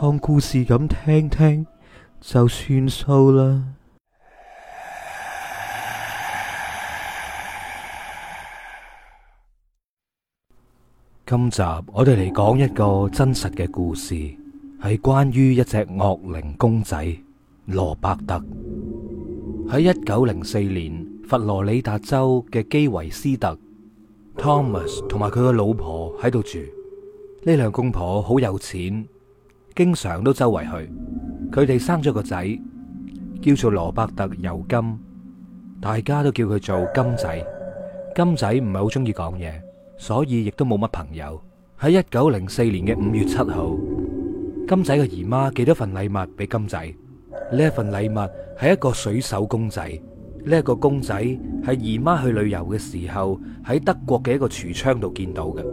當故事咁聽聽就算數啦。今集我哋嚟講一個真實嘅故事，係關於一隻惡靈公仔羅伯特。喺一九零四年，佛羅里達州嘅基維斯特 Thomas 同埋佢嘅老婆喺度住。呢兩公婆好有錢。經常都周圍去，佢哋生咗個仔，叫做羅伯特尤金，大家都叫佢做金仔。金仔唔係好中意講嘢，所以亦都冇乜朋友。喺一九零四年嘅五月七號，金仔嘅姨媽寄咗份禮物俾金仔。呢一份禮物係一個水手公仔。呢一個公仔係姨媽去旅遊嘅時候喺德國嘅一個櫥窗度見到嘅。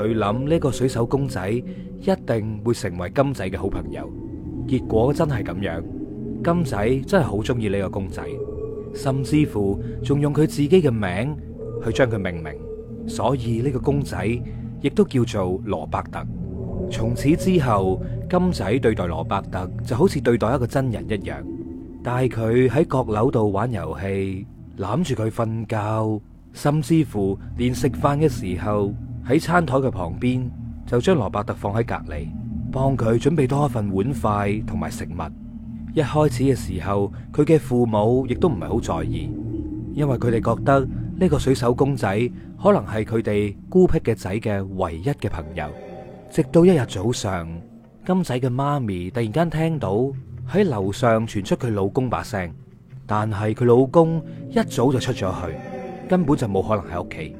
佢諗呢個水手公仔一定會成為金仔嘅好朋友，結果真係咁樣，金仔真係好中意呢個公仔，甚至乎仲用佢自己嘅名去將佢命名，所以呢個公仔亦都叫做羅伯特。從此之後，金仔對待羅伯特就好似對待一個真人一樣，帶佢喺閣樓度玩遊戲，攬住佢瞓覺，甚至乎連食飯嘅時候。喺餐台嘅旁邊，就將羅伯特放喺隔籬，幫佢準備多一份碗筷同埋食物。一開始嘅時候，佢嘅父母亦都唔係好在意，因為佢哋覺得呢個水手公仔可能係佢哋孤僻嘅仔嘅唯一嘅朋友。直到一日早上，金仔嘅媽咪突然間聽到喺樓上傳出佢老公把聲，但係佢老公一早就出咗去，根本就冇可能喺屋企。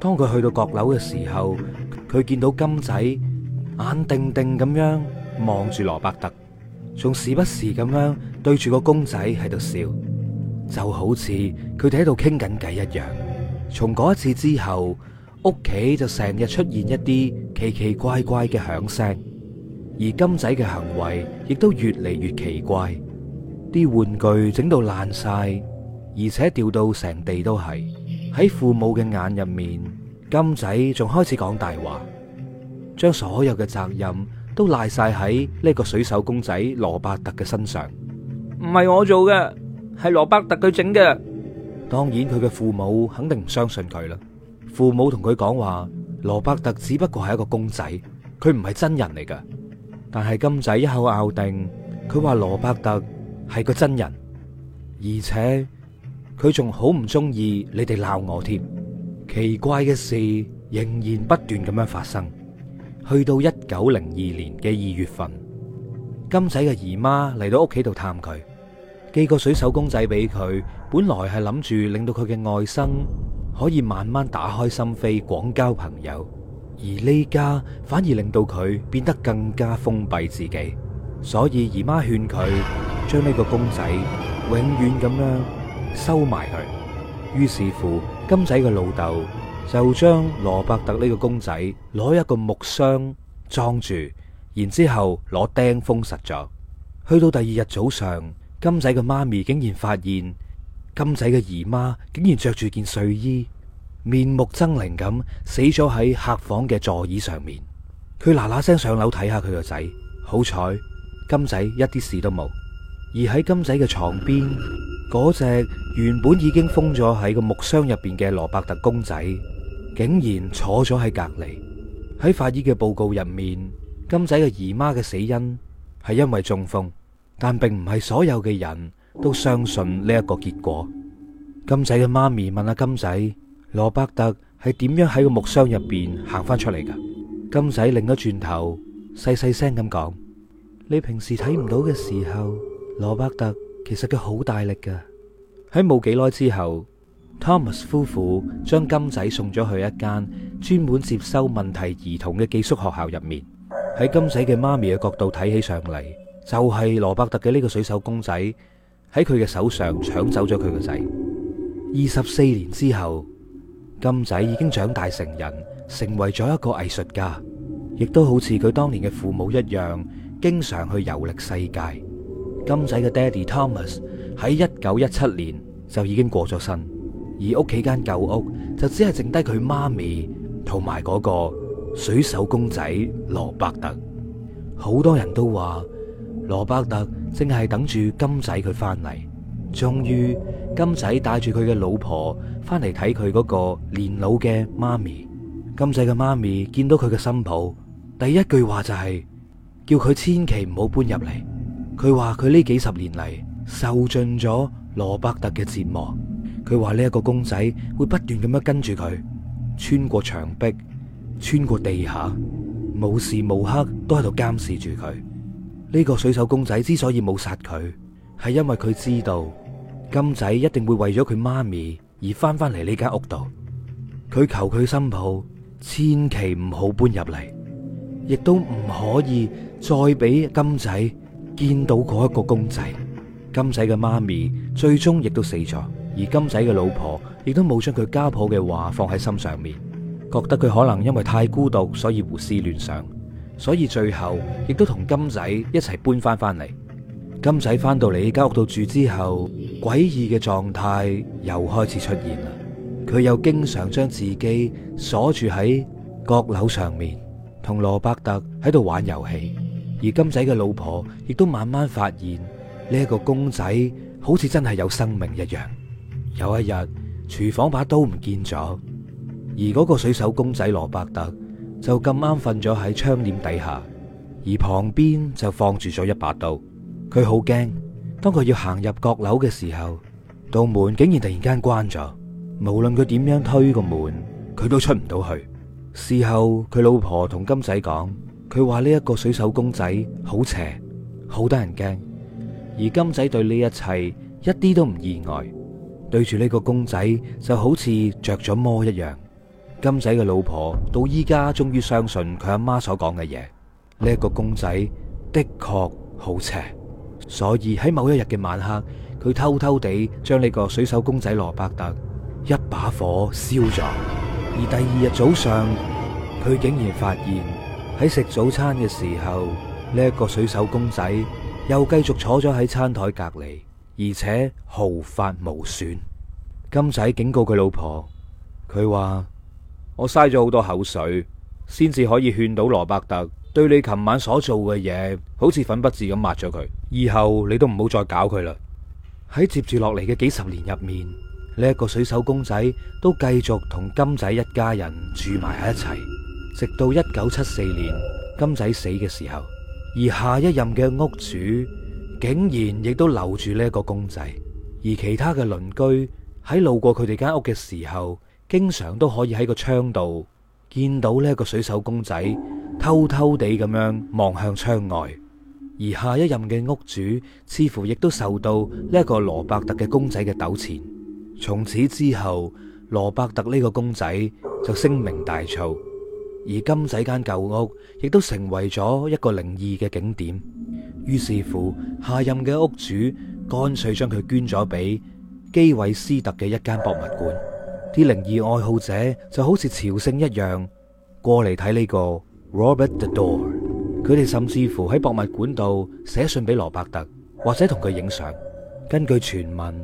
當佢去到閣樓嘅時候，佢見到金仔眼定定咁樣望住羅伯特，仲時不時咁樣對住個公仔喺度笑，就好似佢哋喺度傾緊偈一樣。從嗰一次之後，屋企就成日出現一啲奇奇怪怪嘅響聲，而金仔嘅行為亦都越嚟越奇怪，啲玩具整到爛晒，而且掉到成地都係。喺父母嘅眼入面，金仔仲開始講大話，將所有嘅責任都賴晒喺呢個水手公仔羅伯特嘅身上。唔係我做嘅，係羅伯特佢整嘅。當然佢嘅父母肯定唔相信佢啦。父母同佢講話，羅伯特只不過係一個公仔，佢唔係真人嚟噶。但係金仔一口咬定，佢話羅伯特係個真人，而且。佢仲好唔中意你哋鬧我添，奇怪嘅事仍然不斷咁樣發生。去到一九零二年嘅二月份，金仔嘅姨媽嚟到屋企度探佢，寄個水手公仔俾佢。本來係諗住令到佢嘅外甥可以慢慢打開心扉，廣交朋友，而呢家反而令到佢變得更加封閉自己。所以姨媽勸佢將呢個公仔永遠咁樣。收埋佢，於是乎金仔嘅老豆就將羅伯特呢個公仔攞一個木箱裝住，然之後攞釘封實咗。去到第二日早上，金仔嘅媽咪竟然發現金仔嘅姨媽竟然着住件睡衣，面目猙獰咁死咗喺客房嘅座椅上面。佢嗱嗱聲上樓睇下佢個仔，好彩金仔一啲事都冇。而喺金仔嘅床邊，嗰隻原本已經封咗喺個木箱入邊嘅羅伯特公仔，竟然坐咗喺隔籬。喺法醫嘅報告入面，金仔嘅姨媽嘅死因係因為中風，但並唔係所有嘅人都相信呢一個結果。金仔嘅媽咪問阿金仔：羅伯特係點樣喺個木箱入邊行翻出嚟噶？金仔擰咗轉頭，細細聲咁講：你平時睇唔到嘅時候。羅伯特其實佢好大力噶，喺冇幾耐之後，Thomas 夫婦將金仔送咗去一間專門接收問題兒童嘅寄宿學校入面。喺金仔嘅媽咪嘅角度睇起上嚟，就係羅伯特嘅呢個水手公仔喺佢嘅手上搶走咗佢個仔。二十四年之後，金仔已經長大成人，成為咗一個藝術家，亦都好似佢當年嘅父母一樣，經常去遊歷世界。金仔嘅爹哋 Thomas 喺一九一七年就已經過咗身，而屋企間舊屋就只係剩低佢媽咪同埋嗰個水手公仔羅伯特。好多人都話羅伯特正係等住金仔佢翻嚟。終於，金仔帶住佢嘅老婆翻嚟睇佢嗰個年老嘅媽咪。金仔嘅媽咪見到佢嘅新抱，第一句話就係叫佢千祈唔好搬入嚟。佢話佢呢幾十年嚟受盡咗羅伯特嘅折磨。佢話呢一個公仔會不斷咁樣跟住佢，穿過牆壁，穿過地下，無時無刻都喺度監視住佢。呢個水手公仔之所以冇殺佢，係因為佢知道金仔一定會為咗佢媽咪而翻返嚟呢間屋度。佢求佢新抱，千祈唔好搬入嚟，亦都唔可以再俾金仔。見到嗰一個公仔，金仔嘅媽咪最終亦都死咗，而金仔嘅老婆亦都冇將佢家婆嘅話放喺心上面，覺得佢可能因為太孤獨，所以胡思亂想，所以最後亦都同金仔一齊搬翻翻嚟。金仔翻到嚟呢間屋度住之後，詭異嘅狀態又開始出現啦。佢又經常將自己鎖住喺閣樓上面，同羅伯特喺度玩遊戲。而金仔嘅老婆亦都慢慢發現呢一個公仔好似真係有生命一樣。有一日，廚房把刀唔見咗，而嗰個水手公仔羅伯特就咁啱瞓咗喺窗簾底下，而旁邊就放住咗一把刀。佢好驚，當佢要行入閣樓嘅時候，道門竟然突然間關咗，無論佢點樣推個門，佢都出唔到去。事後佢老婆同金仔講。佢話呢一個水手公仔好邪，好得人驚。而金仔對呢一切一啲都唔意外，對住呢個公仔就好似着咗魔一樣。金仔嘅老婆到依家終於相信佢阿媽所講嘅嘢，呢一個公仔的確好邪。所以喺某一日嘅晚黑，佢偷偷地將呢個水手公仔羅伯特一把火燒咗。而第二日早上，佢竟然發現。喺食早餐嘅時候，呢一個水手公仔又繼續坐咗喺餐檯隔籬，而且毫髮無損。金仔警告佢老婆，佢話我嘥咗好多口水，先至可以勸到羅伯特。對你琴晚所做嘅嘢，好似粉筆字咁抹咗佢。以後你都唔好再搞佢啦。喺接住落嚟嘅幾十年入面，呢一個水手公仔都繼續同金仔一家人住埋喺一齊。直到一九七四年金仔死嘅時候，而下一任嘅屋主竟然亦都留住呢個公仔，而其他嘅鄰居喺路過佢哋間屋嘅時候，經常都可以喺個窗度見到呢個水手公仔偷偷地咁樣望向窗外。而下一任嘅屋主似乎亦都受到呢個羅伯特嘅公仔嘅糾纏，從此之後羅伯特呢個公仔就聲名大噪。而金仔間舊屋亦都成為咗一個靈異嘅景點，於是乎下任嘅屋主乾脆將佢捐咗俾基韋斯特嘅一間博物館。啲靈異愛好者就好似朝聖一樣過嚟睇呢個 Robert the Door。佢哋甚至乎喺博物館度寫信俾羅伯特，或者同佢影相。根據傳聞，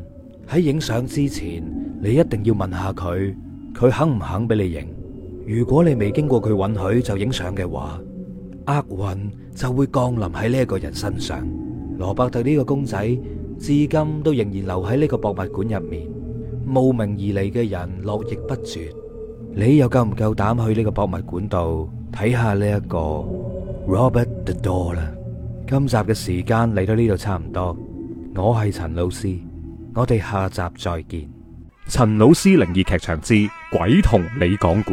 喺影相之前，你一定要問下佢，佢肯唔肯俾你影？如果你未經過佢允許就影相嘅話，厄運就會降臨喺呢一個人身上。羅伯特呢個公仔至今都仍然留喺呢個博物館入面，慕名而嚟嘅人絡繹不絕。你又夠唔夠膽去呢個博物館度睇下呢一個 Robert the Door 啦？今集嘅時間嚟到呢度差唔多，我係陳老師，我哋下集再見。陳老師靈異劇場之鬼同你講故。